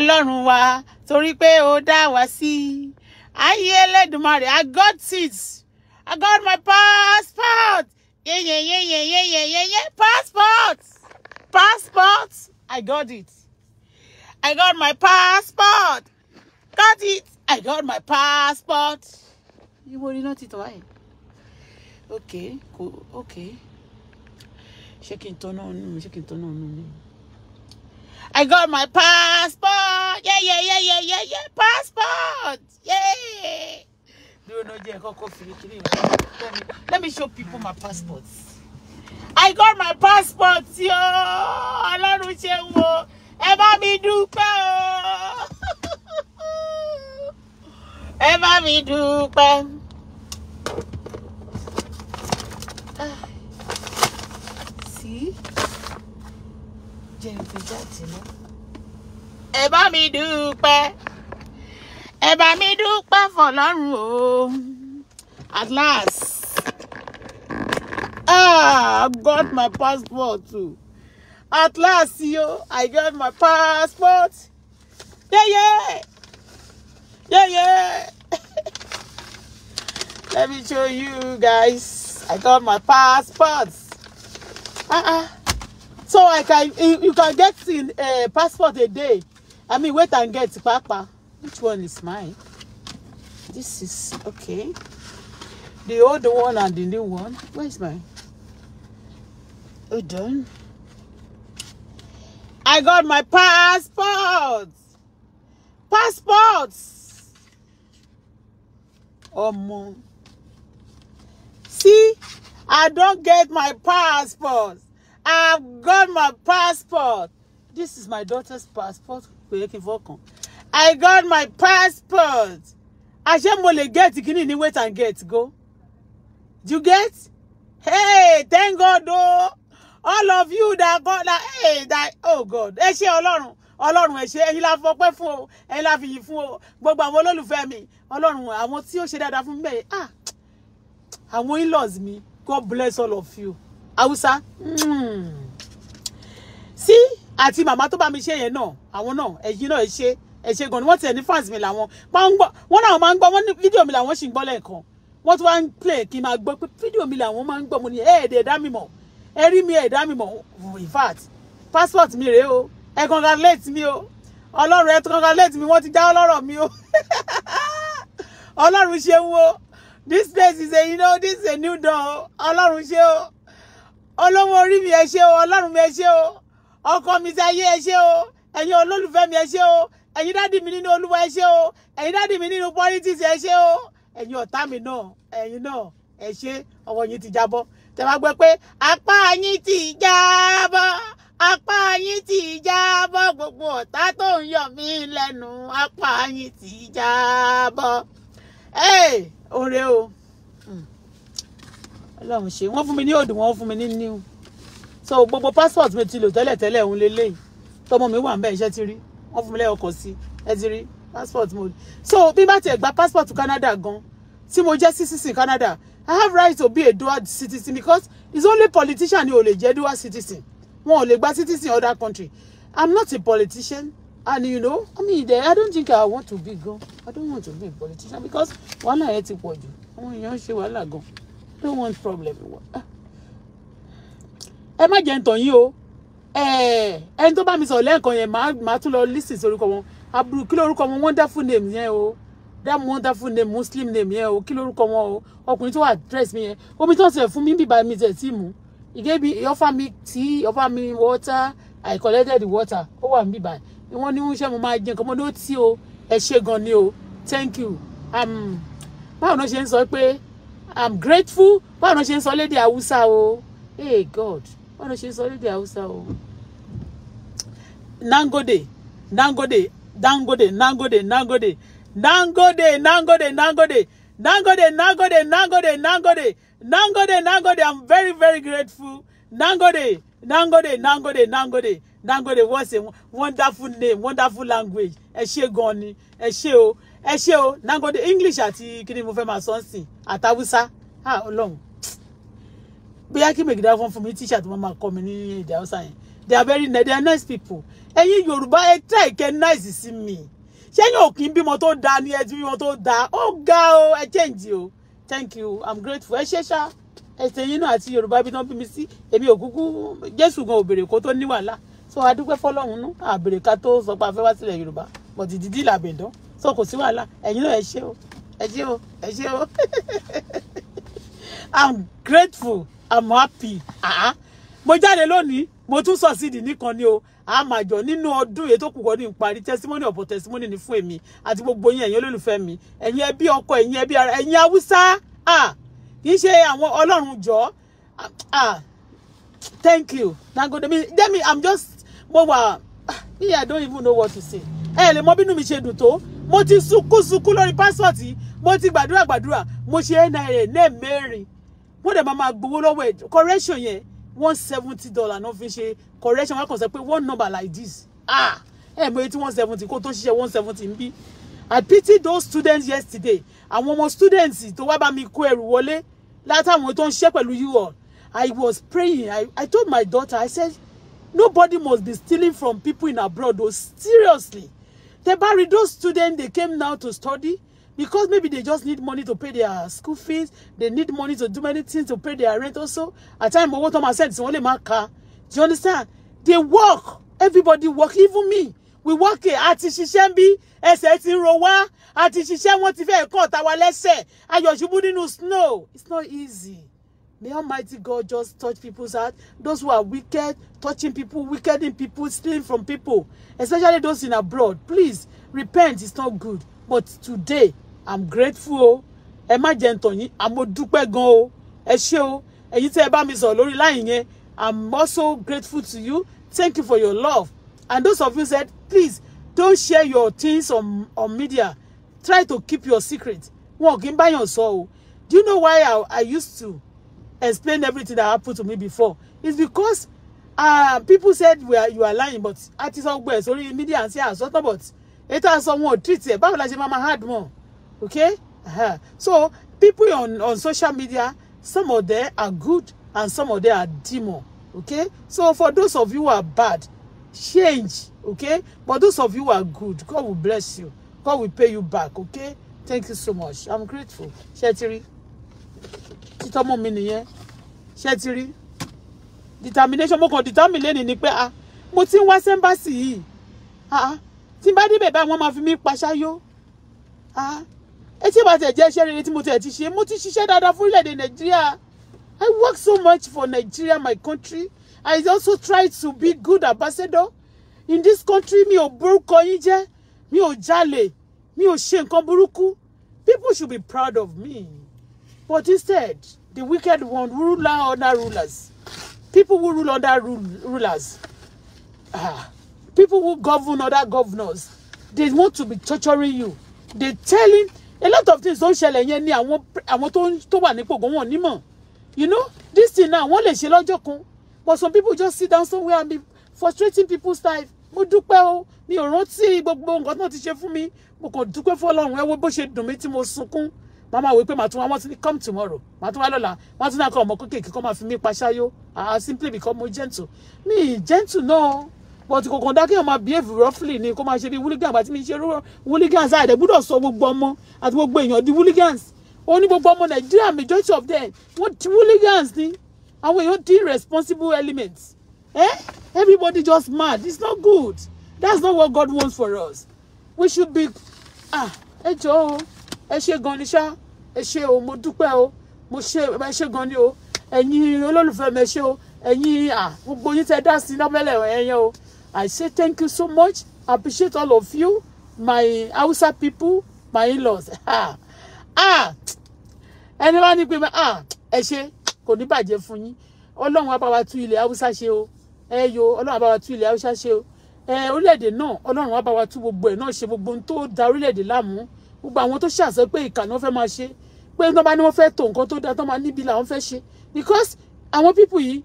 ọlọ́run wa torí pé ó dá wa sí i ayé Elédùmarè I got it I got my passport yeyeyeyeyeyeye passport passport I got it I got my passport got it I got my passport. Ibo ni náà ti tọ́ báyìí? Okay, cool, okay. Ṣé kí n tọ́ náà nù Ṣé kí n tọ́ náà nù I got my passport. Yeah, yeah, yeah, yeah, yeah, yeah. Passport. Yeah. Let me show people my passports. I got my passport, yo. Ọlọ́run ṣe wo. Ẹ bá mi dúpẹ́ o. Ah. See? jẹ́ ife jáde náà. ẹ bá mi dúpẹ́ ẹ bá mi dúpẹ́ fọlọ́run o at last ah, I got my passport too at last yo I got my passport yeye yeye let me show you guys I got my passport. Uh-uh so i can you can get in uh, eh, passport a day i mean wait and get papa which one is mine this is okay the old one and the new one where is mine hold done. i got my passport passports Oh ọmọ see i don't get my passport I've got my passport. This is my daughter's passport. I got my passport. Àṣé mo lè get kíní ní wait and get go. Do you get? Hey, thank God oh. All of you that got that hey that oh God. Ẹ ṣé Ọlọ́run. Ọlọ́run ẹ ṣé ẹ̀yin la fọpẹ́ fún o. Ẹ̀yin la fi yìn fún o. Gbogbo àwọn olólùfẹ́ mi. Ọlọ́run àwọn tí ó ṣe dáadáa fún me. Ah. Àwọn in-laws mi. God bless all of you haúsá sí àti màmá tó bá mi ṣe yẹn náà àwọn náà ẹ̀yin náà ẹ ṣe ẹ ṣe gan ni wọ́n tiẹ̀ ní fans mi làwọn máa ń gbọ́ wọ́n náà máa ń gbọ́ wọ́n ní fídíò mi làwọn sì ń gbọ́ lẹ́ẹ̀kan wọ́n tún wá ń play kí n máa gbọ́ pé fídíò mi làwọn máa ń gbọ́ mo ní ẹ̀ẹ́dẹ̀ ẹ̀dá mi mọ̀ ẹ rí mi ẹ̀dá mi mọ̀ in fact passport mi rèé o ẹ congratulate mi o ọlọ́run ẹ congratulate mi wọ́n ti já ọlọ́rọ̀ mi o ọlọ́run ṣe wo this place is a you know this is a new dawn ọlọ́run ṣe o olówó orí mi ẹ ṣé o ọlọ́run mi ẹ ṣé o ọkọ mi ti ayé ẹ ṣé o ẹ̀yin olólùfẹ́ mi ẹ ṣé o ẹ̀yin dádì mi nínú olúwa ẹ ṣé o ẹ̀yin dádì mi nínú politics ẹ ṣé o ẹ̀yin ọ̀tá mi náà ẹ̀yin náà ẹ ṣé ọwọ́ yín ti jábọ́ tẹ bá gbọ́ pé apá yín ti jábọ́ apá yín ti jábọ́ gbogbo ọ̀tá tó ń yọ̀ mí lẹ́nu apá yín ti jábọ́. ẹ ò rẹ o ọlọ́run ṣe wọ́n fún mi ní òdù wọ́n fún mi ní new so gbogbo passport mi ti lò tẹ́lẹ̀ òun lélẹ́yìí tọmọ mi wà ń bẹ́ iṣẹ́ ti rí wọ́n fún mi lẹ́yìn ọkọ̀ sí ẹ ti rí passport mo so bí bá tiẹ̀ gba passport Canada gan tí mo jẹ́ citizen Canada I have right to be a dual citizen because it's only politician ni ò lè jẹ́ dual citizen wọn ò lè gba citizen other country I'm not a politician and you know I mean there I don't think I want to be gan I don't want to be a politician because wàhálà yẹn ti pọ̀ jù àwọn èèyàn ń ṣe wàhálà gan. I don't want problem. ẹ má jẹ́ ntọ̀ yín o ẹni tó bá mi sọ̀rọ̀ lẹ́ẹ̀kan yẹn màá tún lọ lísì sí orúkọ wọn àbúrò kí lórúkọ wọn wonderful name yẹn o that wonderful name muslim name yẹn o kí lórúkọ wọn o ọkùnrin tó wà dress mi yẹn omi tó ń sẹ̀ fún mi bíbá mi tẹ̀ tí mu he gave me he offer me tea he me water I collected the water ó wà mí bíbá wọn ní ṣé mo máa jẹ nǹkan mọ́ni ó tí o ẹ ṣe gan ni o thank you um, báwo ló ṣe ń sọ pé i'm grateful báwo ló ṣe ń sọ lédè haúsá o hey god báwo ló ṣe ń sọ lédè haúsá o nangode nangode dangode nangode nangode nangode nangode nangode nangode nangode nangode nangode nangode nangode i'm very very grateful nangode nangode nangode nangode nangode what's a wonderful name wonderful language ẹ ṣé gan ni ẹ ṣé o ẹ ṣe o Dangote English àti kíni mo fẹ́ máa sọ sí àtàwùsá à ọlọ́run bóyá kí mègìdá fún fún mi tíṣà tó máa kọ́ mi ní èdè haúsá yẹn they are very they are nice people ẹ̀yin Yorùbá ẹ tẹ́ ìkẹ́ nice sí mi ṣẹ́yìn òkì bímọ tó dáa ni ẹ ti bímọ tó dáa ó ga o ẹ change o thank you i'm grateful ẹ ṣe ṣá ẹsẹ yín náà àti yorùbá bí tán bí mi sí èmi ò kúkú jésù gan òbèrè kó tó ní wàhálà so adúpẹ́ fọlọ́run nú àbèrè ká tó sọ pé a fẹ́ wá sílẹ̀ yorùbá but dídí làbẹ̀dán so kò sí wàhálà ẹ̀yin náà ẹ ṣé o ẹ ṣé o ẹ ṣé o i'm grateful i'm happy ah mo jáde lónìí mo tún sọ sídìí nìkan ni o a máa jọ nínú ọdún èyí tó kù kọ́ ní ìparí testimony ọ̀pọ̀ testimony ni fún èmi àti gbogbo yín ẹ̀yin olólùfẹ́ mi ẹ̀yin ẹbí ọkọ ẹ̀yin ẹbí ara ẹ̀yin haúsá kì í ṣe àwọn ọlọ́run jọ thank you Dangote mi demi i'm just mo wà ah, me i don't even know what to say ẹ lè mọ bínú mi ṣe dùn tó mo ti sunkún sunkún lórí pásọ̀tì mo ti gbàdúrà gbàdúrà mo ṣe NIN lẹ́ẹ̀mẹ́rin wọ́n dẹ̀ máa máa gbowó lọ́wọ́ ẹ̀ correction yẹn one seventy dollar náà fi ṣe correction wọn kàn sọ pé one number like this ah ẹ̀ mọ̀ etí one seventy kó tó ṣiṣẹ́ one seventy ń bí I pity those students yesterday àwọn ọmọ students tó wá bá mi kó ẹrù wọlé látàwọn tó ń ṣe pẹ̀lú you all I was praying I, I told my daughter I said nobody must be stealing from people in abroad o seriously They bury those students, they came now to study because maybe they just need money to pay their school fees. They need money to do many things to pay their rent also. At time, what I said, it's only my car. Do you understand? They work. Everybody work, even me. We work here. Àti ṣiṣẹ́ bí ẹsẹ̀ ti ń ro wá. Àti ṣiṣẹ́ wọn ti fẹ́ kọ́ ta wa snow. It's not easy. May Almighty God just touch people's heart. Those who are wicked, touching people, wickeding people, stealing from people, especially those in abroad. Please, repent. It's not good. But today, I'm grateful. Oh. Ẹ má jẹ́ I'm yín, àmọ́ dúpẹ́ gan o. Oh. Ẹ ṣé o. Oh. Ẹ̀yin tẹ́ ẹ bá mi I'm also grateful to you. Thank you for your love. And those of you said, please don't share your things on, on media. Try to keep your secret. Walk in by your soul. Do you know why I, I used to? explain everything that happened to me before it's because uh, people said we are, you are lying but àti sọ gbẹ sórí media and say àsọtọ but ètò àsọ wọn ò treat ẹ báwo la ṣe máa ma hard mọ okay uh -huh. so people on on social media some of them are good and some of them are demon okay so for those of you who are bad change okay but those of you who are good God will bless you God will pay you back okay thank you so much I'm grateful ṣe ti rí ti mi nìyẹn ṣé ti rí determination mo kàn determine lẹ́ni ni pé ah mo ti ń wá sẹ́ńbàsì yìí ah, ah tí n bá débẹ̀ báyìí wọ́n máa fi mí paṣáyó ah etí bàtẹ̀ jẹ́ iṣẹ́ rere tí mo tẹ̀ ti ṣe mo ti ṣiṣẹ́ dáadáa fún orílẹ̀-èdè nàìjíríà I work so much for Nigeria my country I also try to be good ambassador in this country mi ò borúkọ yín jẹ́ mi ò jalè mi ò ṣe nǹkan burúkú people should be proud of me but instead the wicked one rule under rulers people who rule under rule, rulers ah people who govern other governors they want to be torturing you they telling a lot of things don ṣẹlẹ̀ yẹn ni àwọn àwọn tó tó wà nípò gan wọn nímọ̀ you know this thing now wọ́n lè ṣe lọ́jọ́ kan but some people just sit down somewhere and be frustrating people's life mo dúpẹ́ o mi ò rántí gbogbo nǹkan tó ti ṣe fún mi mo kàn dúpẹ́ fọlọ́run ẹ wo bó ṣe dùn mí tí mo sunkún wọ́n máa wí pé màá tún wá wọ́n ti ní come tomorrow màá tún wá lọ́la wọ́n tún náà kọ́ ọmọ kéékèèké kọ́ máa fi mí pa ṣáyó ah simply because mo gentle mi gentle náà but kòkàn dá kéèyàn máa behave roughly ni kó máa ṣe bí hooligans àti mi ṣe hooligans àìdẹ gbúdọ̀ sọ gbogbo ọmọ àti gbogbo èèyàn di hooligans ó ní gbogbo ọmọ nàìjíríà majority of them wọ́n di hooligans ni àwọn èèyàn di irresponsible elements eh? everybody just mad it's not good that's not what God wants for us we should be ah ẹ jọ̀ọ́ ẹ ṣe gan ni ṣá ẹ ṣe o mo dúpẹ́ o mo ṣe ẹ ṣe gan ni o ẹ̀yin olólùfẹ́ mi ẹ ṣe o ẹ̀yin à gbogbo yín tẹ́ dá sí lábẹ́lẹ̀ ẹ̀yẹn o I say thank you so much I appreciate all of you my Hausa people my in-laws ẹni wá ní pé ẹ ṣe kò ní bàjẹ́ fún yín ọlọ́run abá wa tú ilẹ̀ Hausa ṣe o ẹ yo ọlọ́run abá wa tú ilẹ̀ Hausa ṣe o ẹ orílẹ̀-èdè náà ọlọ́run abá wa tú gbogbo ẹ̀ náà ṣe gbogbo ohun tó da orílẹ̀-èdè láàmú gbogbo àwọn tó ṣàṣẹ pé ìkà ni wọ́n máa ṣe pé tó bá ní wọ́n fẹ́ tó nǹkan tó dáa tó máa níbi làwọn fẹ́ ṣe because àwọn pípù yìí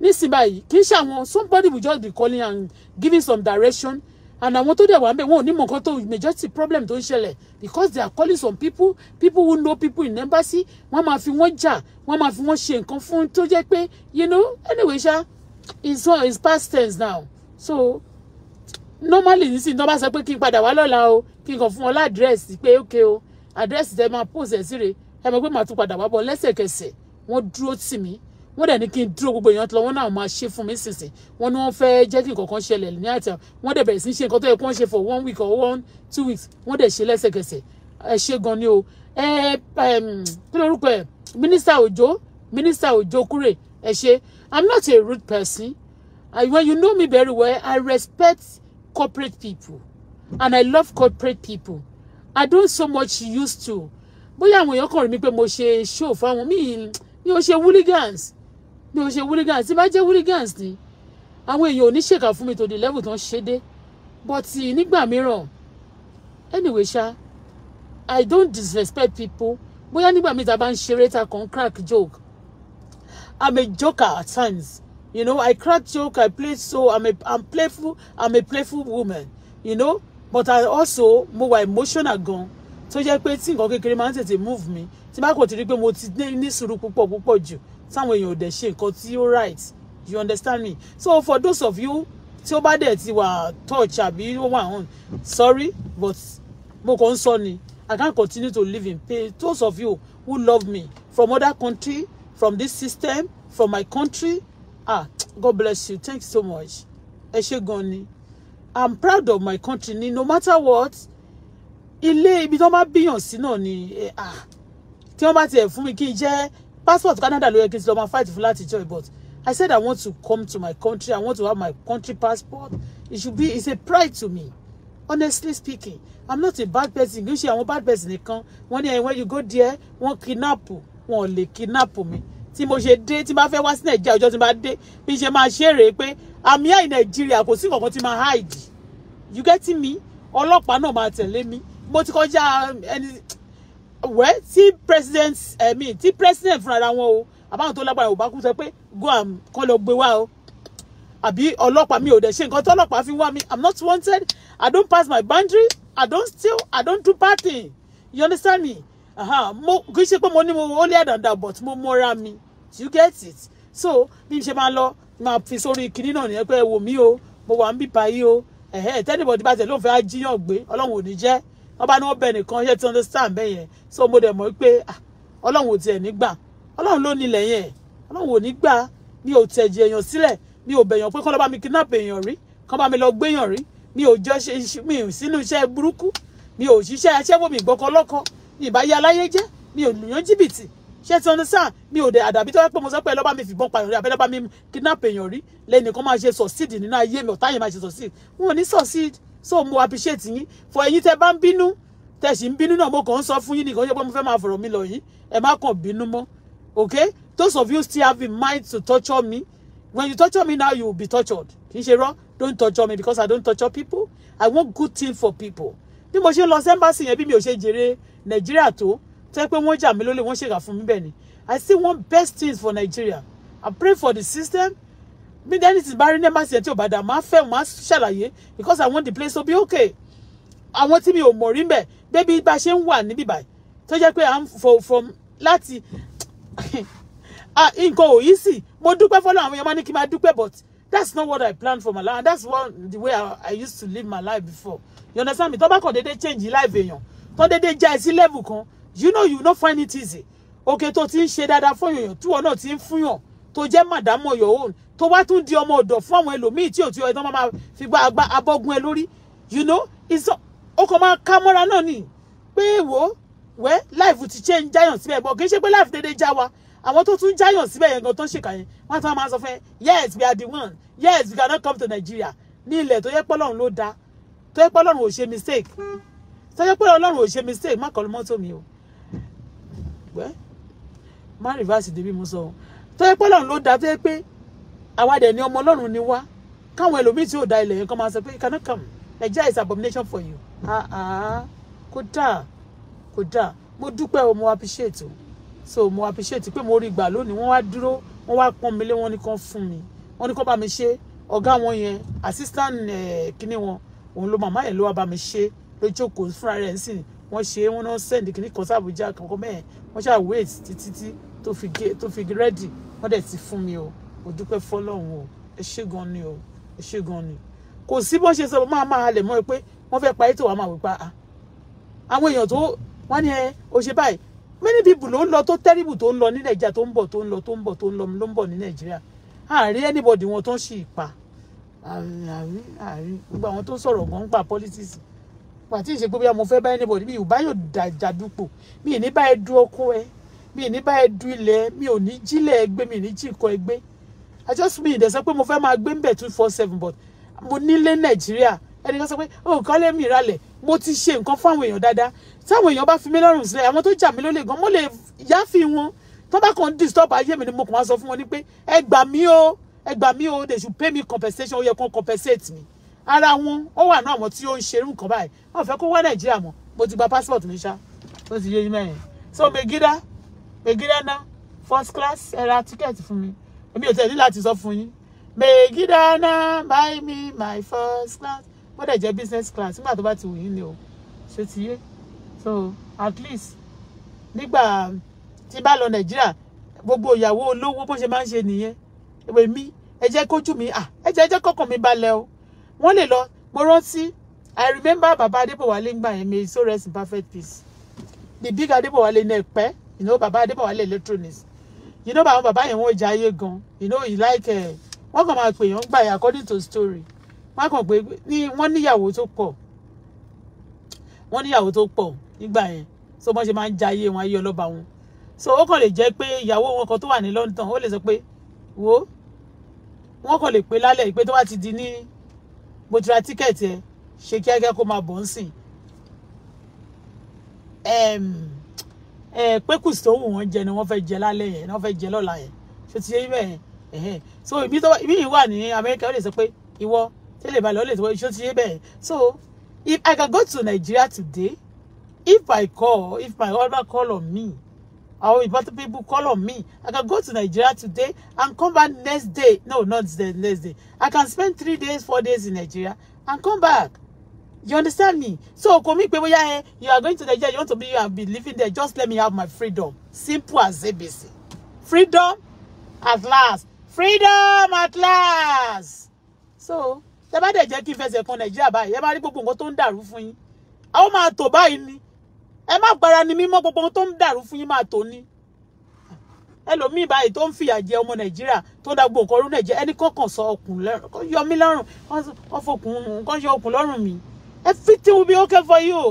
nísìn báyìí kì í ṣe àwọn somebody will just be calling and giving some direction and àwọn tó dẹ̀ wà mẹ́ wọn ò ní mọ̀ nǹkan tó majority problem tó ń ṣẹlẹ̀ because they are calling some people people who know people in embassy wọ́n máa fi wọ́n jà wọ́n máa fi wọ́n ṣe nǹkan fún tó jẹ́ pé you know anyway ṣá it's, it's past tense now so normally nísìnyí tó bá sọ pé kí n padà wá lọ́la o kí n kàn fún ọ ládírẹ́sì pé ókè o àdírẹ́sì tẹ máa pòsè síre ẹ mọ̀ pé màá tún padà wá bọ̀ lẹ́sẹ̀kẹsẹ̀ wọ́n dúró tì mí wọ́n dẹ̀ ní kí n dúró gbogbo èèyàn tó lọ wọ́n náà máa ṣe fún mi sísìn wọ́n ní wọ́n fẹ́ẹ́ jẹ́ kí nǹkan kan ṣẹlẹ̀ ní àtẹ̀ wọ́n dẹ̀ bẹ̀rẹ̀ sí ṣe nǹkan tó yẹ kí wọ́n ṣe for one week or one two weeks wọ́n dẹ̀ ṣe lẹ́sẹ̀kẹsẹ̀ ẹ ṣe gan ni o ẹ kí lorúkọ ẹ mínísítà òjò mínísítà òjò kúrè ẹ ṣe i'm not a rude person I, when you know me very well i respect corporate people and I love corporate people I don't so much used to bóyá àwọn èèyàn kàn rí mi pé mo ṣe show fáwọn míì mi ò ṣe hooligans mi ò ṣe hooligans tí bá jẹ́ hooligans ni àwọn èèyàn ò ní ṣèkà fún mi tó di level tán ṣe dé but nígbà mìíràn anyway ṣá I don't disrespect people bóyá nígbà míì tá a bá ń ṣeré ta kàn crack joke I'm a joker at times You know, I crack joke, I play so I'm a I'm playful, I'm a playful woman, you know. But I also mo wà emotional gan. Tó jẹ́ pé tí nǹkan kékeré máa ń tètè move me. So bá kò ti rí pé mo ti ní sùúrù púpọ̀ púpọ̀ jù táwọn èèyàn ò dẹ̀ ṣe nǹkan tí right. You understand me? So for those of you so bad bá dẹ̀ ti wà touch àbí ó sorry but mo kàn ń ni I can't continue to live in pain. Those of you who love me from other country, from this system, from my country, ah god bless you Thank you so much ẹ ṣé i'm proud of my country ni no matter what ilé ibi tí wọ́n bá bíyàn sí náà ni eh, ah tí wọ́n bá tiẹ̀ fún mi kí n jẹ́ passport canada ló yẹ kí n ti lọ máa fight fún láti joy but i said i want to come to my country i want to have my country passport it should be it's a pride to me honestly speaking i'm not a bad person kì í ṣe àwọn bad person nìkan wọ́n ní eh, when you go there wọ́n kidnap wọ́n ò lè kidnap mi tí mo ṣe dé tí bá fẹ́ wá sí nàìjíríà ọjọ́ tí bá dé bí ṣe máa ṣe rèé pé àmì àì nàìjíríà kò sí kankan tí máa hide you get me ọlọ́pàá náà máa tẹ̀lé mi mo ti kọjá um, ẹni wẹ́ tí president ẹ̀mí tí president fúnra wọn o àbáwọn tó lágbára ò bá kú sọ pé go am kọ́ lọ gbé wá o àbí ọlọ́pàá mi ò dẹ̀ ṣe nǹkan tó ọlọ́pàá fi wá mi i'm not wanted i don't pass my boundary i don't steal i don't do bad thing you understand me mo kì í ṣe pé mo ní mo wọlé àdàndà but mo mọra mi you get it so bí mi ṣe máa lọ máa fi sórí kinní náà nìyẹn pé ẹ wò o mo wà ń bí báyìí o tẹ́nìbọ̀dì bá tẹ̀ ló ń fẹ́ ajíyàn gbé ọlọ́run ò ní jẹ́ wọ́n bá ní wọ́n bẹ nìkan yẹ ti understand bẹ́ẹ̀ yẹn so mo dẹ̀ mọ̀ pé ah, ọlọ́run ò tiẹ̀ ní gbà ọlọ́run ló nílẹ̀ yẹn ọlọ́run ò ní gbà mi ò tẹ̀jì èèyàn sílẹ̀ mi ò bẹ̀yàn pé kọ́ ló bá mi kidnap èèyàn rí kọ́ bá mi lọ gbéyàn rí mi ò jọ ṣe mi ò sínú iṣẹ́ burúkú mi ò ṣiṣẹ́ aṣẹ́wó mi gbọ́kọ́ lọ́kọ́ ìbáyé aláyé jẹ́ mi ò lùyàn jìbìtì ṣé ti ọdún sáà mi ò dé àdàbí tó yẹ pé mo sọ pé ẹ mi fìbọn pààyàn rí abẹ́lẹ́ bá mi kidnap èèyàn rí lẹ́nìkan máa ṣe succeed nínú ayé mi ọ̀tá yẹn máa ṣe succeed wọn ò ní succeed so mo appreciate yín for ẹ̀yin tẹ́ bá ń bínú tẹ́ sì ń bínú náà mo kàn ń sọ fún yín nìkan ṣe pé mo fẹ́ máa fọ̀rọ̀ mi lọ yín ẹ má kàn bínú mọ́ okay those of you still have in mind to torture me when you torture me now you will be tortured kì í ṣe rọ don't torture me because I don't torture people I want good thing for people bí mo ṣe lọ sẹ́ńbàṣì yẹn bí mi ò ṣe jèrè nàìjíríà tó tẹ́ pé wọ́n jà mí lólè wọ́n ṣèkà fún mi bẹ́ẹ̀ ni i still want best things for nigeria i pray for the system mi dẹ́ni ti bá rí nẹ́ẹ̀másì ẹ̀ tí ò bá dà máa fẹ́ máa ṣàlàyé because i want the place to be okay àwọn tí mi ò mọ̀ rí mbẹ̀ bébí bá ṣe ń wà níbí báyìí tó jẹ́ pé i'm for from láti nǹkan ò yí sí mo dúpẹ́ fọ́lọ́ àwọn èèyàn máa ní kí n máa dúpẹ́ but that's not what i planned for my life and that's what the way i, I used to live my life before you understand me tó bá kàn déédéé change life èèyàn tán déédéé já ẹ sí level kan you know you no find it easy òkè tó ti ń ṣe dáadáa fún èèyàn tí wọn náà ti ń fúnyàn tó jẹ́ màdámù ọ̀yọ́ òun tó wá tún di ọmọ ọ̀dọ̀ fún àwọn ẹlòmíì tí ò tí ọ̀yọ́ tán máa fi gba àgbà abọ́gun ẹ lórí you know ìsọ ọkọ̀ máa ká mọ́ra náà nì pé wò ó wẹ́ life ti change jáyàn síbẹ̀ bọ̀ kì í ṣe pé life dédé já wa àwọn tó tún jáyàn síbẹ̀ yẹn gan tó ń ṣèkà yẹn wọ́n tún máa sọ fún yes we are the one yes we cannot come to Nigeria ní ilẹ̀ tó yẹ pé Ọlọ́run ló dá tó yẹ pé Ọlọ́run ò ṣe mistake sọjọ́ pé ọlọ́run ò ṣe mistake má kọlu mọ́tò mi o gbẹ́ má rìvásì débi mo sọ o sọjọ́ pé ọlọ́run ló dáa tó yẹ pé àwa dẹ̀ ni ọmọ ọlọ́run ni wá káwọn ẹlòmíì tí ò da ilẹ̀ yẹn kan máa sọ pé you cannot come Nigeria is abomination for you ah ah kódà kódà mo dúpẹ́ o mo appreciate o so mo appreciate pé mo rí gbà lónìí wọ́n wá dúró wọ́n wá pọ́n mi lé wọ́n ní kán fún mi wọ́n ní kán bá mi ṣe ọ̀gá wọn yẹn assistant eh, kínní wọn òun ló màmá yẹn ló wá bá mi ṣe ló jókòó fúnra rẹ̀ sí ni wọ́n ṣe wọ́n náà send kìíní kan sábùjá kankan mẹ́ẹ̀ wọ́n ṣáà wait títí tí tó fi rẹ́dì wọ́n dẹ̀ ti fún mi o ò dúpẹ́ fọlọ́run o ẹ ṣé gan ni o ẹ ṣé gan ni kò sí bó ṣe sọ máa máa halẹ̀ mọ́ ẹ pé wọ́n fẹ́ parí tó wàá máa wí pa ah, á àwọn èèyàn tó wọ́n ní ẹ o ṣe báyìí many people ló ń lọ tó terrible tó ń lọ ní nàìjíríà tó ń bọ̀ tó ń lọ tó ń bọ̀ tó ń lọ ló ń bọ̀ ní nàìjíríà àárín anybody wọn tó ń ṣì pa àárín àárín gbogbo àwọn tó sọ̀rọ̀ gan ń pa politics pàtí ìṣe pé bí mo fẹ́ bá anybody mi ò bá yóò dàjà dupò mi ì ní bá ẹ du oko ẹ mi ì ní bá ẹ du ilẹ̀ mi ò ní jílẹ̀ ẹgbẹ́ mi ì ní jí nǹkan ẹgbẹ́ i just mean dẹ̀ sọ pé mo fẹ́ máa gbé mbẹ̀ two four seven but mo nílé nàìjíríà ẹnìkan sọ pé o oh, kàn lé mi ìralẹ̀ mo ti ṣe nǹkan fáwọn èèyàn dáadáa táwọn èèyàn bá fi mí lọ́rùn sílẹ̀ àwọn tó jà mí lólè gan mo lè yáfi wọn tó bá kàn disturb ayé mi ni mo kàn wá sọ fún wọn ni pé ẹ gbà mí o ẹ gbà mí o they should pay me compensation ó yẹ kàn compensate me ara wọn ó wà náà àwọn tí ó ń ṣerú nǹkan báyìí wọn fẹ́ kó wá nàìjíríà mọ́ mo ti gba passport mi ṣá ó ti yé yín mẹ́rin so megida megida ná first class ẹ ra ticket fún mi èmi ò tẹ̀lé láti sọ fún yín megida ná buy me my first class wọ́n dẹ̀ jẹ́ business class nígbà tó bá ti wù yín ni o ṣe ti yé so at least nígbà tí bá lọ nàìjíríà gbogbo ìyàwó olówó bó ṣe máa ń ṣe nìyẹn èwe ẹ jẹ́ kójú mi ẹ jẹ́ kọ́kàn mi balẹ̀ o wọ́n lè lọ mo rántí i remember baba adébọ̀wálé ń gbà yẹn may so rest in perfect peace the big adébọ̀wálé ní ẹ̀pẹ́ you know baba adébọ̀wálé electronics you know àwọn baba yẹn wọ́n jẹ ayé gan you know you like ẹ̀ eh, wọ́n kàn máa pè yàn gbà yẹn according to story wọ́n kàn pé wọ́n níyàwó tó pọ̀ wọ́n níyàwó tó pọ̀ nígbà yẹn so wọ́n ṣe máa ń jẹ ayé wọn ayé ọlọ́ba wọn so ó kàn lè jẹ́ pé ìyàwó wọn kan tó wà ní London ó lè sọ pé wo wọ́n kàn lè pé lálẹ́ ìpè tó wá ti di ní mo ti ra tíkẹ́ẹ̀tì ẹ ṣe kíákíá kó máa bọ̀ ń sìn pékùs tó wù wọ́n jẹ ni wọ́n fẹ́ jẹ lálẹ́ yẹn ni wọ́n fẹ́ jẹ lọ́la yẹn ṣé ti yé ibẹ̀ yẹn so ibi tó ibi yìí wà ní Amẹ́ríkà ó lè sọ pé ìwọ tẹ́lẹ̀ balẹ̀ ó lè sọ pé ṣé ti yé bẹ́ẹ̀ so if I can go to Nigeria today if I call if my husband call on me or important people call on me. I can go to Nigeria today and come back next day. No, not the next day. I can spend three days, four days in Nigeria and come back. You understand me? So, Komi Peboya, eh, you are going to Nigeria, you want to be, you have been living there. Just let me have my freedom. Simple as ABC. Freedom at last. Freedom at last. So, the bá dẹ̀ jẹ́ kí n fẹsẹ̀ kan Nàìjíríà báyìí, ẹ máa rí gbogbo nǹkan tó ń dàrú fún yín. Àwọn máa tò báyìí ni ẹ má gbára ni mímọ́ gbogbo ohun tó ń dàrú fún yín máa tó ní ẹlòmíì báyìí tó ń fìyà jẹ ọmọ nàìjíríà tó ń dàgbò nǹkan ọdún nàìjíríà ẹni kọkàn sọ ọkùn lẹrùn yọ mí lọ́rùn kọ fọkùn nǹkan yọ ọkùn lọ́rùn mi everything will be okay for you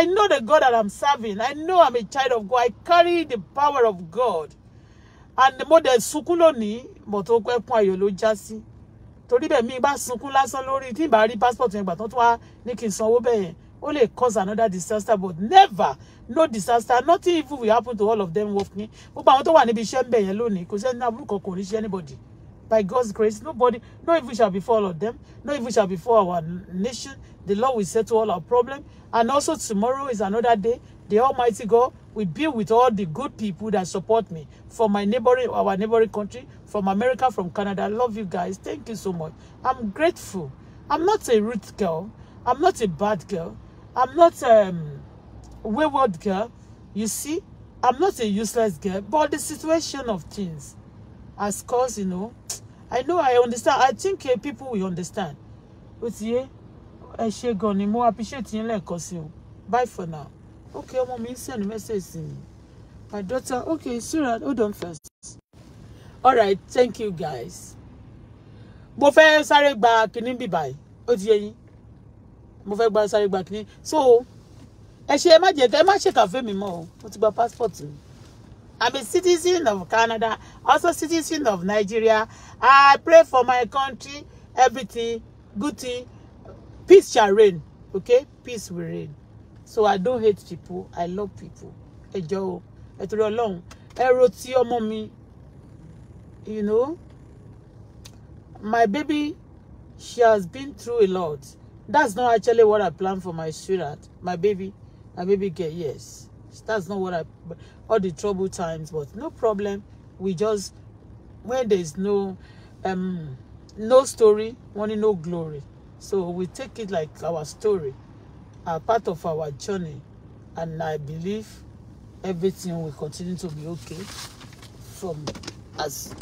I know the God that I'm serving I know I'm a child of God I carry the power of God and mo dẹ̀ sunkún lónìí mo tó ẹkún ayọ̀ ló já sí torí bẹ́ẹ̀ mi bá sunkún lásán lórí tí ìbá rí passport yẹn gbà tó tún wá ní kí n sanwó bẹ́ẹ̀ yẹn ó lè cause another disaster but never no disaster nothing even will happen to all of them working gbogbo àwọn tó wà níbi iṣẹ́ ń bẹ̀ yẹn lónìí kò sẹ́ni aburú kan kò ní ṣe anybody by God's grace nobody no even shall be for all of them no even shall be for our nation the Lord will settle all our problem and also tomorrow is another day the Almighty God will be with all the good people that support me from my neighboring our neighboring country from America from Canada I love you guys thank you so much I'm grateful I'm not a rude girl I'm not a bad girl I'm not a um, wayward girl. You see, I'm not a useless girl. But the situation of things has caused, you know, I know I understand. I think uh, people will understand. Ó ti yé, ẹ ṣé more appreciate yín lẹ́ẹ̀kan sí Bye for now. Okay, ọmọ mi send message sí mi. My daughter, okay, Surat, hold on first. All right, thank you guys. Mo fẹ́ sáré gba kìnìún bíbáyìí, ó ti yé mo fẹ́ gba sáré gba kínní so ẹ ṣe ẹ má jẹ ẹ má ṣe kàfé mi mọ́ o mo ti gba passport mi I'm a citizen of Canada also citizen of Nigeria I pray for my country everything good thing peace shall reign okay peace will reign so I don't hate people I love people ẹ jọ o ẹ torí Ọlọ́run ẹ ro ti ọmọ mi you know my baby she has been through a lot. That's not actually what I planned for my sweetheart, my baby, my baby girl. Yes, that's not what I. All the trouble times, but no problem. We just when there's no, um, no story, only no glory. So we take it like our story, a part of our journey, and I believe everything will continue to be okay. From as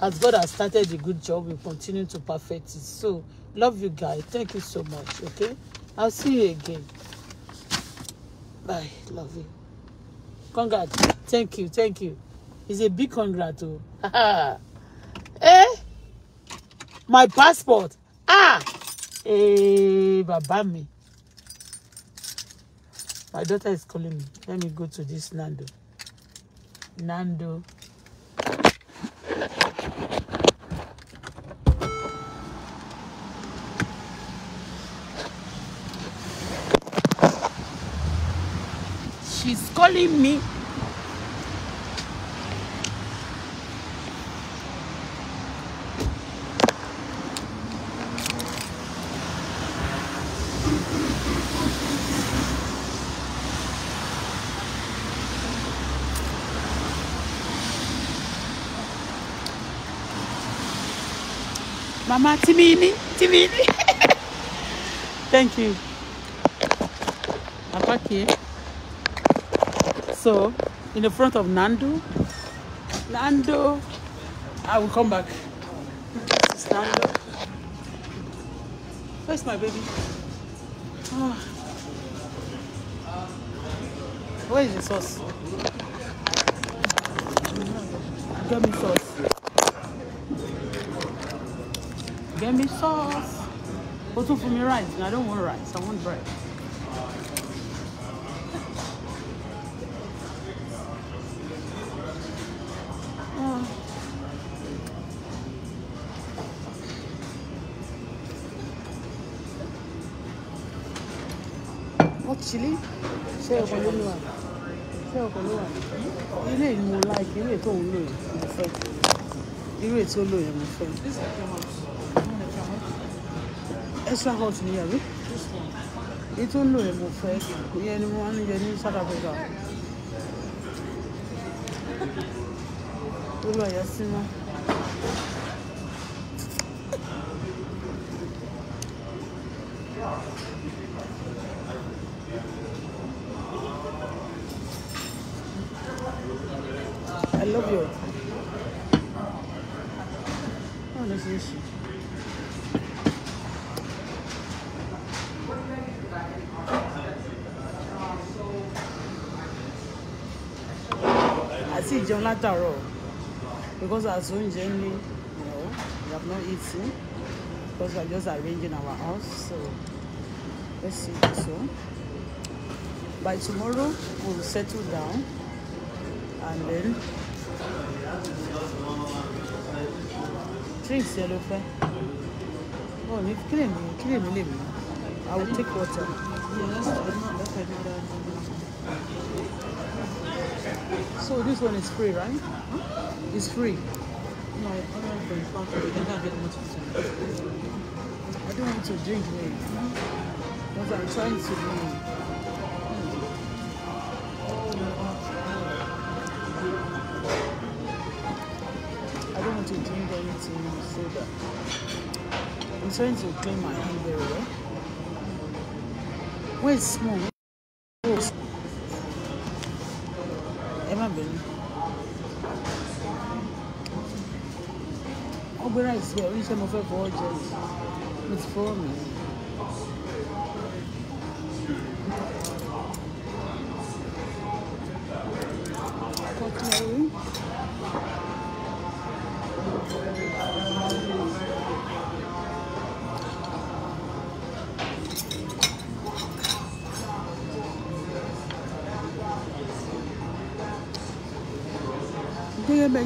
as God has started the good job, we continue to perfect it. So love you guys thank you so much okay i'll see you again bye love you congrats thank you thank you it's a big congrats o oh. eh my passport ah eh baba mi my daughter is calling me let me go to this nando nando. calling me. Mama Timini, Timini. Thank you. Apa aqui. So, in the front of Nando. Nando. I will come back. This is Nando. Where's my baby? Oh. Where is the sauce? Get me sauce. Get me sauce. Also, for me rice. I don't want rice. I want bread. actually ṣé ọkọ ló ní wa ṣé ọkọ ló wà ilé yìí mo like ilé tó ń lò yẹn mo fẹ́ irú èyí tó lò yẹn mo fẹ́ extra hot ni yàrá èyí tó ń lò yẹn mo fẹ́ ìyẹn ni wọ́n ń yẹ ní South Africa olùwàyà sí náà. látàárọ̀ because as soon as you know we have not eaten because we are just arranging our house so let's see So by tomorrow we'll settle down and then drinks yẹn ló fẹ́ oh clean me, clean me. I will take water. Yeah, that's, that's not, that's not, that's not. So this one is free, right? Huh? It's free. No, I'm not going to I don't want to drink me. I'm trying to do. Hmm. I don't want to drink anything that I'm trying to clean my hand very well. Where's small? ẹ má bẹ̀rù ó gbé ráìsì bẹ́ẹ̀ oníṣẹ́ mo fẹ́ fọwọ́ jẹ mo ti fọwọ́ mi.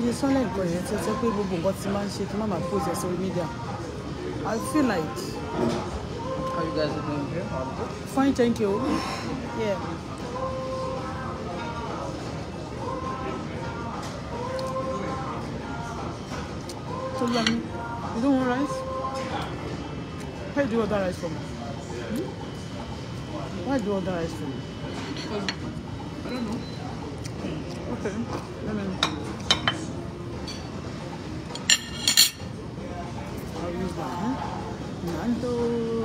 mi sọ́lẹ̀ nǹkan yẹn tí ó pé gbogbo nǹkan tí máa ń ṣe kí má máa post ẹ̀ sórí media I feel like. How you guys are doing here? Fine, thank you. Yeah. Tolani, you don't want rice? Why do you order rice for me? Hmm? Why do you order rice for me? I don't know. Okay, let me 男，男都。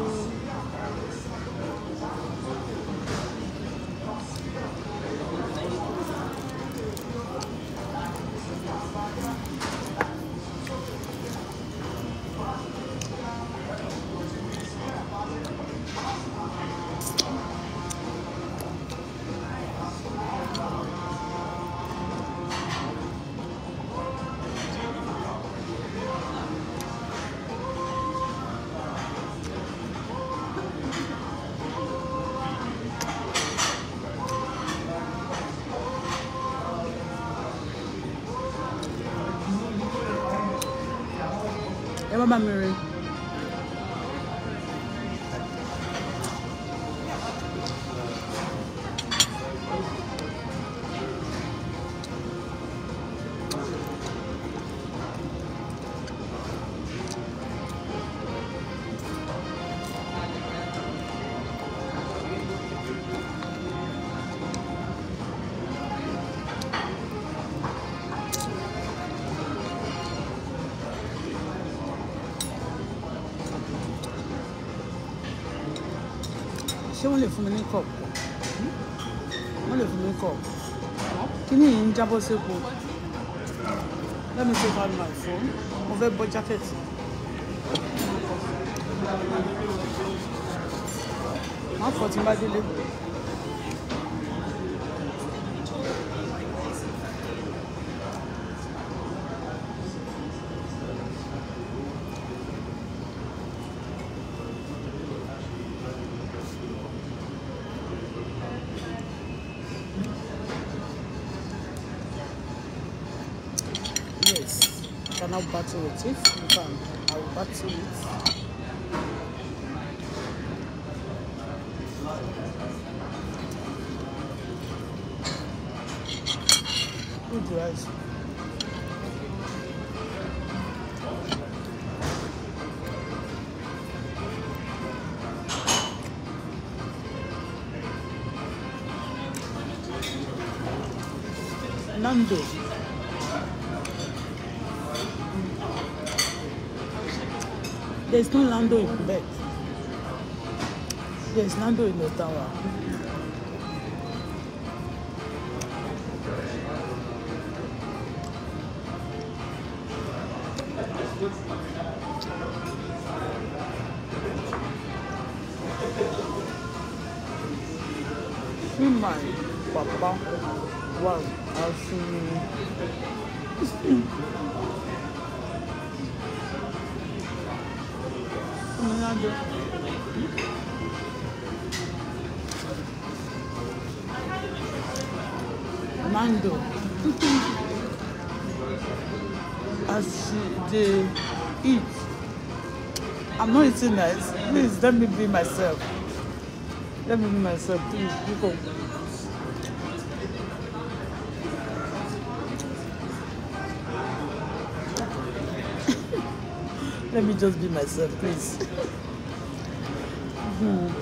mama Mary. ṣé wọ́n lè fún mi ní kọ̀ọ̀pù hmm? wọ́n lè fún mi ní kọ̀ọ̀pù kíní yìí ń jábọ́ sépo let me take out my phone mo fẹ́ bọ́ jacket. máa fọ́ tí n bá délé. with if I will battle it. Good rice. no Lando in Quebec. Yes, Lando in Ottawa. Mando. As they eat. I'm not eating nice. Please, let me be myself. Let me be myself, please, people. Let me just be myself, please. Mm.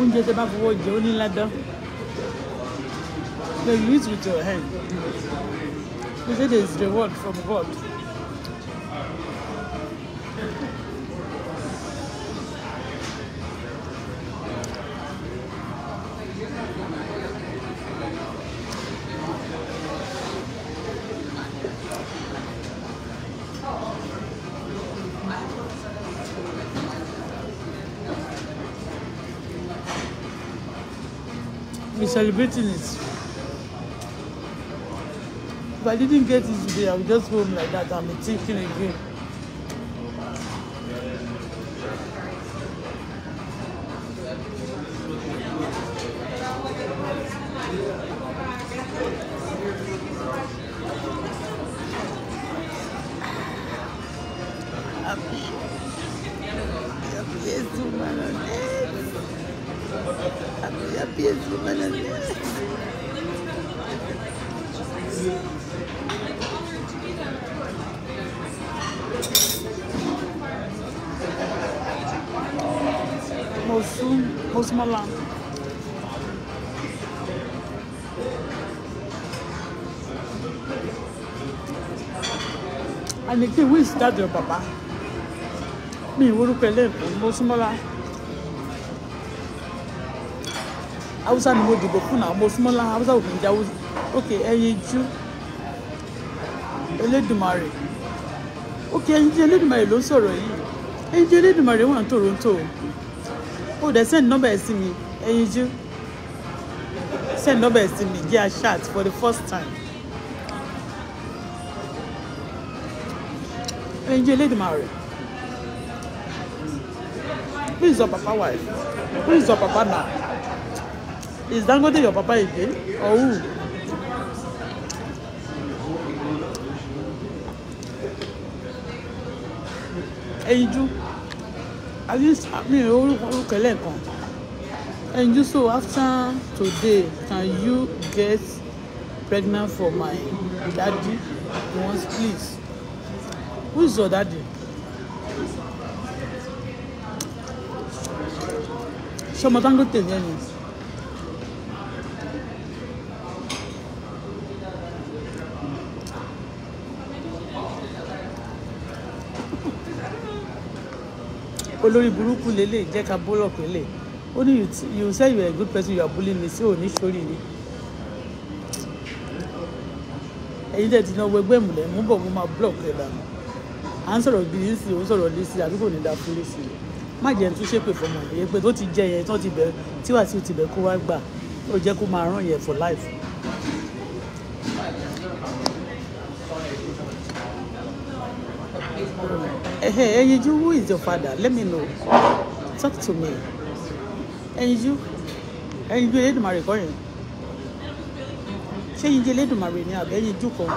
oúnjẹ tẹ bá fọwọ́ jẹ ó ní ládán you use with your hand they say there is reward from God. celebrating it. If I didn't get it today, I would just go home like that and be thinking again. and again who is that your baba mi ìworúkọ ẹlẹ́ẹ̀kọ́ mo súnmọ́lá haúsá ni mo dìbò fún náà mo súnmọ́lá haúsá ò kì í jáwó òkè ẹyin jú Elédùmarè òkè ẹyin jú Elédùmarè ló ń sọ̀rọ̀ yìí ẹyin jú Elédùmarè wà ní Toronto ó dẹ̀ send number ẹ̀ sí mi ẹyin jú send number ẹ̀ sí mi jẹ́ a chat for the first time. ẹ̀yin Elédùmarè who is your papa wife who is your papa now is Dangote your papa again or who. ẹyinjú mi all, orúkọ lẹ́ẹ̀kan ẹyinjú so after today can you get pregnant for my daddy once please. Who is your daddy? Ṣọmọ Dangote ni ẹni. olórí burúkú lélẹ̀ jẹ́ ká bọ́lọ̀ pẹ̀lẹ̀ ó ní you say you are a good person you are bullying me sí òní sórí ni ẹ̀yin tẹ̀ ti náà wọ ẹgbẹ́ ìmùlẹ̀ mú bọ̀ mo máa block rẹ̀ dànù à ń sọ̀rọ̀ bíi sí òun sọ̀rọ̀ lé sí àbí kò ní fún lé sí má jẹ́ tún ṣépè fọmọ ìyẹn pé tó ti jẹ yẹn tó ti bẹ tí wàá sí ti bẹ kó wá gbà ó jẹ́ kó máa ràn yẹn for life. Ẹyinjú who is your father let me know talk to me Ẹyinjú Ẹyinjú Elédùmarè kọ́ yẹn ṣé Ẹyinjú Elédùmarè ni àbẹ́yinjú kan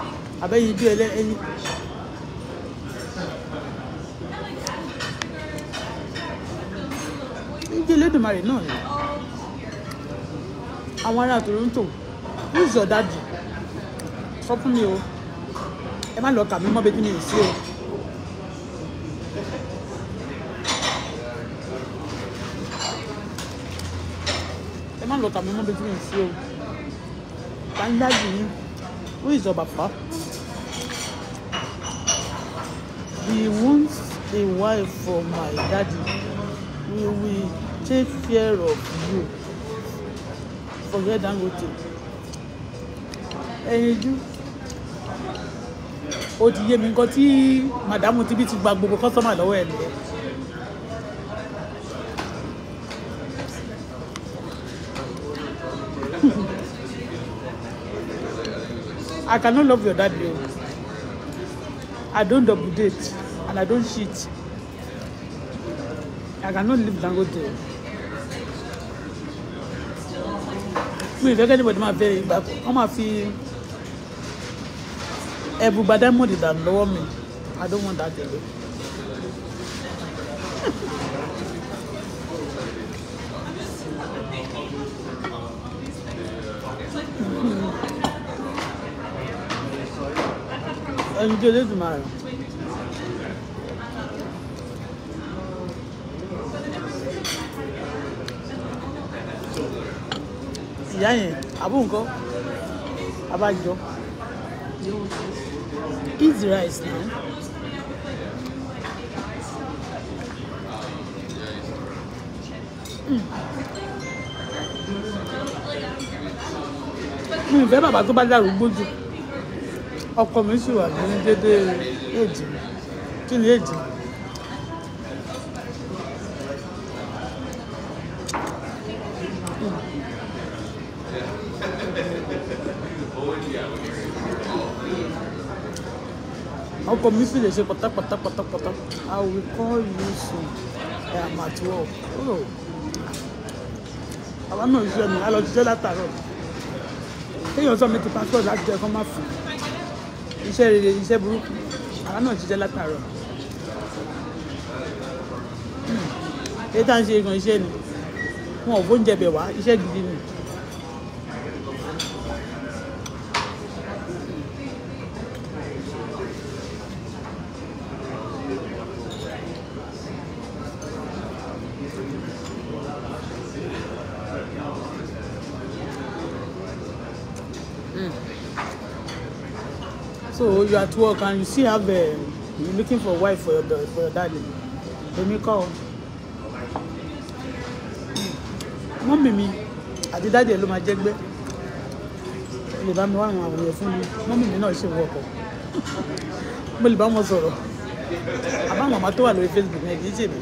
àbẹ́yinjú ẹlẹ́yinjú. bí Elédùmarè náà ni àwọn ará Toronto who's your daddy sọ fún mi o ẹ má lọ kà mí mọ́ bẹ́ẹ̀ kí mi ò sí o. ẹ má lọ kà mí mọ́ bẹ́ẹ̀ kí mi ò o. Bandagi ni who is your papa? He wants a wife for my daddy. We will take fear of you forget Dangote ẹyinjú ó ti yé mi nǹkan tí màdámù tibí ti gba gbogbo kọ́sọ́mà lọ́wọ́ ẹ̀ nìyẹn. I cannot love your daddy o. I don't double date and I don't cheat. I cannot live Dangote o. mi ò fẹ́ kẹ́ni bọ̀dé máa bẹ̀rẹ̀ ìgbà kan wọ́n máa fi ẹ̀bù gba diamond dànù lọ́wọ́ mi I don't want that jẹ̀lẹ̀. ẹni tí o lè dùn máa rà. ìyá yẹn àbú nǹkan abájọ eat rice now. Hmm. mi ò fẹ́ bàbá tó bá dàrúgbó jù ọkọ mi sì wà ní dédé èjì kí ni èjì. ọkọ mi sì lè ṣe pátápátápátá I will call you soon I am at work oh. àwa náà ṣiṣẹ́ ni a lọ ṣiṣẹ́ látàárọ̀ kéèyàn sọ mi ti passport láti jẹ́ kó má fún iṣẹ́ rere iṣẹ́ burúkú àwa náà ṣiṣẹ́ látàárọ̀ hmm. èyí tá à ń ṣe ìgbọ̀n iṣẹ́ ni wọn ò fóúnjẹ bẹ̀ wá iṣẹ́ gidi ni. you at work and you still have a um, you looking for wife for your for your daddy Let me call. mọ́mì mi àti dáàdì ẹ̀ ló máa jẹ́ gbẹ́ lè bá mi wá àwọn àwòrán fún mi mọ́mì mi náà ṣe wọ́pọ̀ mo lè bá wọn sọ̀rọ̀ àbá màmá tó wà lórí Facebook náà kì í ṣèlú.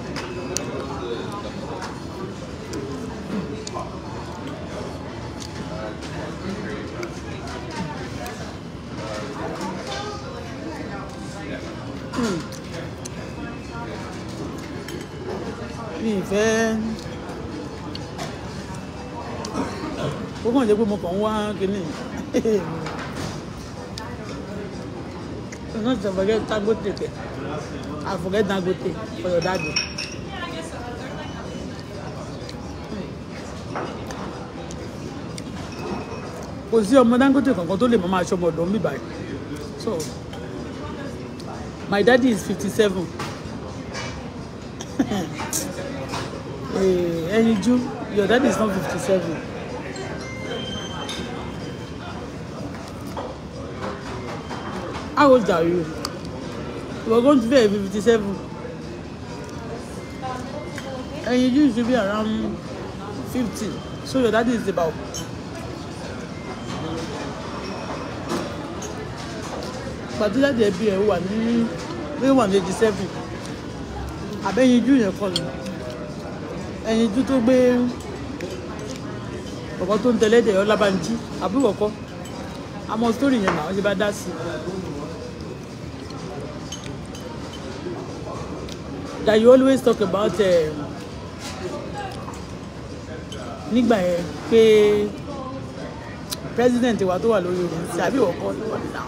ṣe pé mo kàn ń wá kínní. not to forget Dangote kẹ I forget Dangote for your daddy. kò sí ọmọ Dangote kankan tó lè mọ máa ṣọmọ ọdọ mi báyìí so my daddy is fifty seven eh, ẹyinjú your daddy is not fifty seven. How old are you? We're going to be at 57. And you used to be around 50. So your daddy is about particular day bi ẹ wà ní wíwà wà ní eighty seven àbẹ́yinjú yẹn kọ́ to ẹyinjú tó gbé ọ̀kọ́ tó ń tẹ̀lé ẹ̀dẹ̀ ọlábànjí àbúrò ọkọ́ àmọ́ sítórì I'm náà wọ́n ti bá dá sí i. that you always talk about um, nígbà yẹn pé president wa tó wà lórí omi sí àbí ìwọ̀kọ́ ìwọ̀ náà.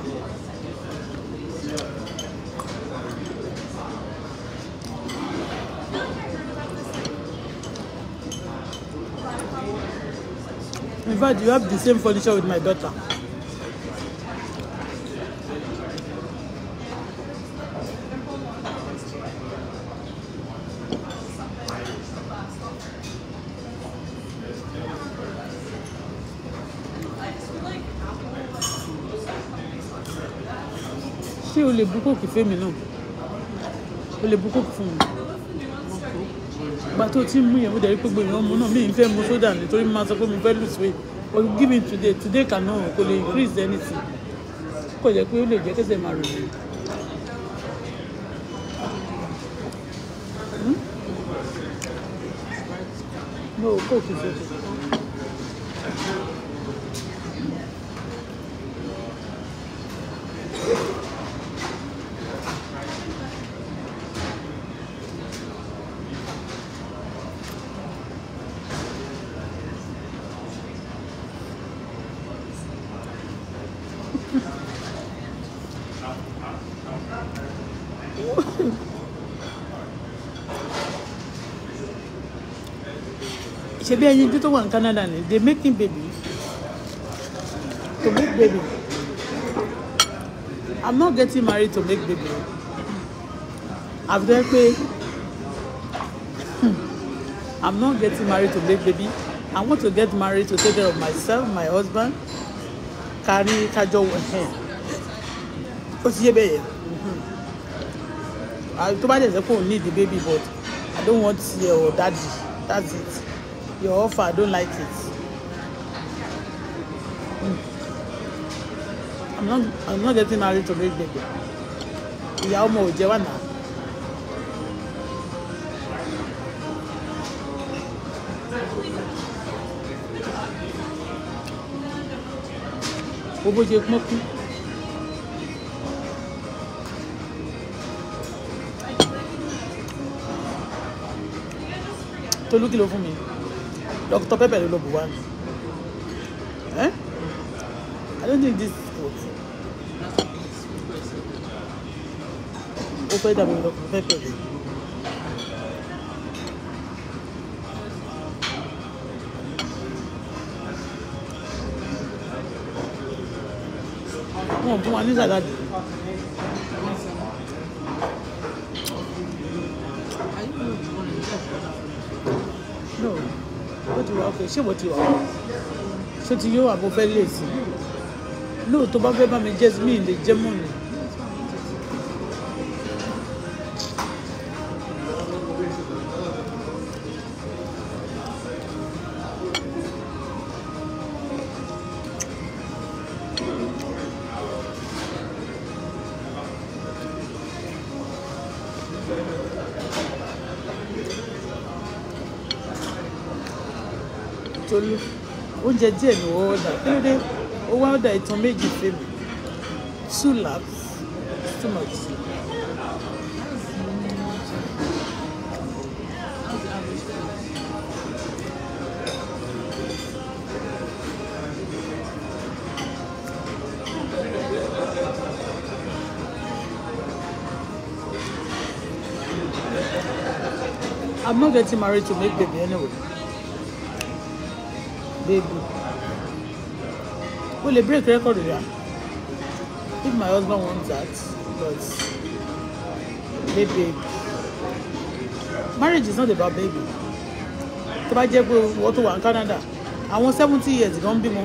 In fact, you have the same furniture with my daughter. o lè bu kóòkì fèmí náà o lè bu kóòkì fún mi ìgbà tó ti mú yẹn mo dẹ̀rí gbogbo èèyàn mu náà mi fẹ́ mu sódà nítorí máa sọ pé mo fẹ́ lose weight o give me today today kan náà kò lè increase anything kò jẹ́ pé ó lè jẹ́ kẹsẹ̀ máa rò mí. Hmm? no kóòkì fèmí. bí ẹyin tí tó wà ní Canada ni they making baby to make baby I'm not getting married to make baby done pay. Hmm, I'm not getting married to make baby I want to get married to take care of myself my husband carry, kájọ wọ ẹ̀ ó ti yé bẹ́ẹ̀ yẹn hmm. tó need the baby but I don't want your daddy that's it your offer, I don't like it. Mm. I'm not I'm not getting married to make baby. Ìyá ọmọ ò jẹ́ wà náà. Owó ṣe pọ́n kú. Tolú kìlọ̀ fún Dr. Pepper ló bù wá ni. Eh? I don't think this is good. Ó fẹ́ dàbí Dr. Pepper lè. Wọ́n fún wa ní that. ṣé wọ́n ti wà wọ́n ṣé ti yóò àbò fẹ́ lè sí lóòótọ́ bá fẹ́ bá mi jẹ́ mi lè jẹ́ mọ́ mi. Tolú oúnjẹ díẹ̀ ni wọ́n ọ̀dà kí ó wá ọ̀dà ìtàn méjì fèmí two laps too much. I'm not getting married to make baby anyway baby will lè break record ya if my husband wants that but hey babe marriage is not about baby tó bá jẹ́ pé wọ́n tó wà ní Canada àwọn seventy years gan bímọ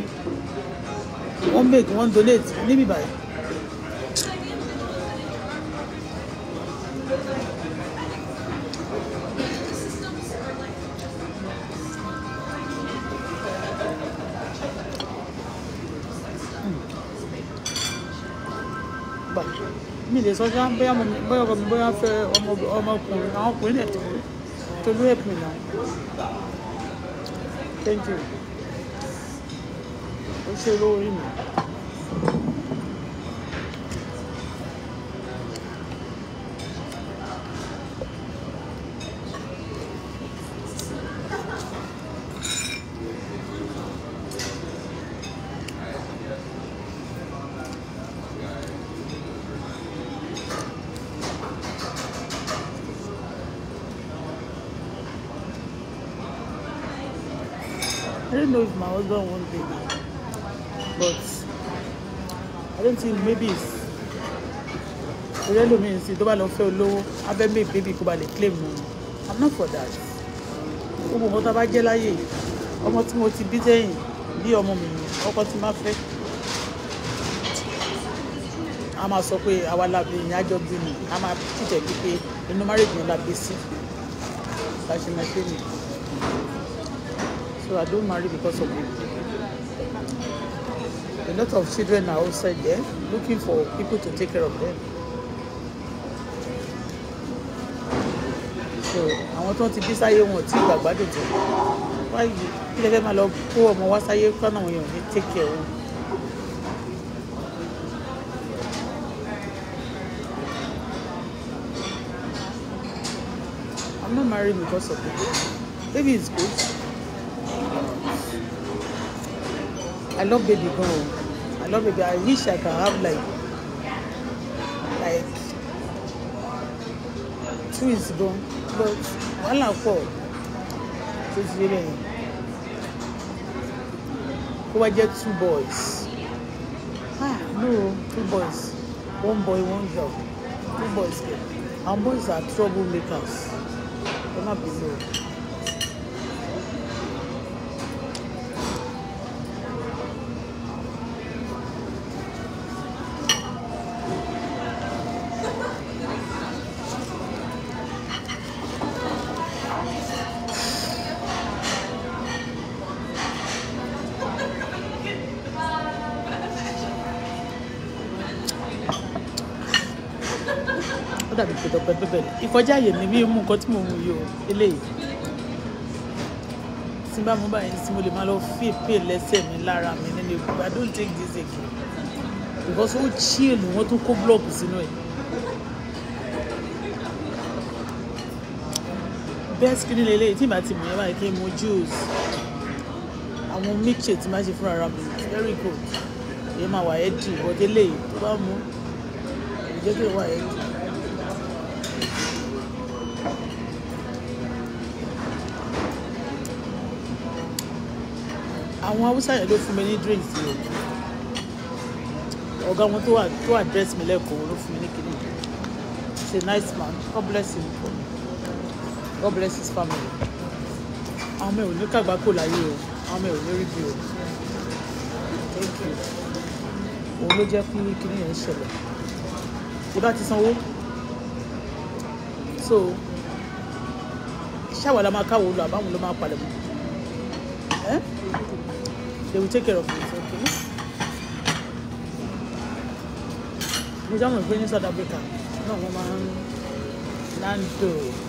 wọ́n make wọ́n donate Leave me by. sọ pé bóyá mo bóyá ọkọ mi bóyá fẹ́ ọmọkùnrin àwọn ọkùnrin dẹ̀ tó tó ló èpè náà thank you ó ṣe olówó rí mi. husband one baby but I don't think maybe it's ìrẹ́ means, you don't want to fẹ́ I abẹ́ mi baby kó ba lè claim mu I'm not for that gbogbo nǹkan tó bá jẹ́ láyè ọmọ tí mo ti bí sẹ́yìn bí ọmọ mi ọkọ tí má fẹ́ a máa sọ pé àwa labi ìyẹn àjọ bí mi a máa tìjẹ́ pé inú marriage yẹn labi sí láti máa ṣe nìyẹn. So I don't marry because of it. A lot of children are outside there looking for people to take care of them. So I want to be bí sáyé wọn ti gbàgbádùn tó. Why? kí lẹ́fẹ̀ẹ́ máa lọ kó ọmọ wá Are you wọn yàn ní take care wọn. I'm not married because of it. Baby is good. I love baby girl. I love baby I wish I can have like like two twins gan but one pọ̀ tó It's really. yẹn I get two boys ah no two boys one boy one girl two boys our boys are troublemakers don't be low. ìkọjá àyè mi bí mú nǹkan tí mo mú yìí o eléyìí tí bá mú báyìí ní tí mo lè máa lọ fi pè lẹ́sẹ̀ mi lára mi nínú epo I don't take this again because ó chill wọ́n tún kó búlọ̀kù sínú ẹ̀. best kí ni lélẹ́yìí tí màá ti mú yẹn báyìí kí n mu juice àwọn milkshake tí màá ṣe fúnra mi very good èyí máa wà ẹ́ dì bọ́dé lè tó bá mú ìjẹ́ wà ẹ́ dì. àwọn haúsá yẹn ló fún mi ní drinks yìí o ọ̀gá wọn tó wà tó address mi lẹ́kọ̀ọ́ ló fún mi ní kíní It's a nice man God bless him for me God bless his family àwọn ọmọ ẹ̀ ò ní kàgbá kò láyé o àwọn ọmọ ẹ̀ rí bí o thank you òun ló jẹ́ kí kíní yẹn ṣẹlẹ̀ kò bá ti sanwó so ṣáwa la máa káwọ́ lọ àbáwọn ló máa palẹ̀ mọ́. They will take care of it, okay? Mo jámọ̀ pé ní South Africa No, wọ́n Nando.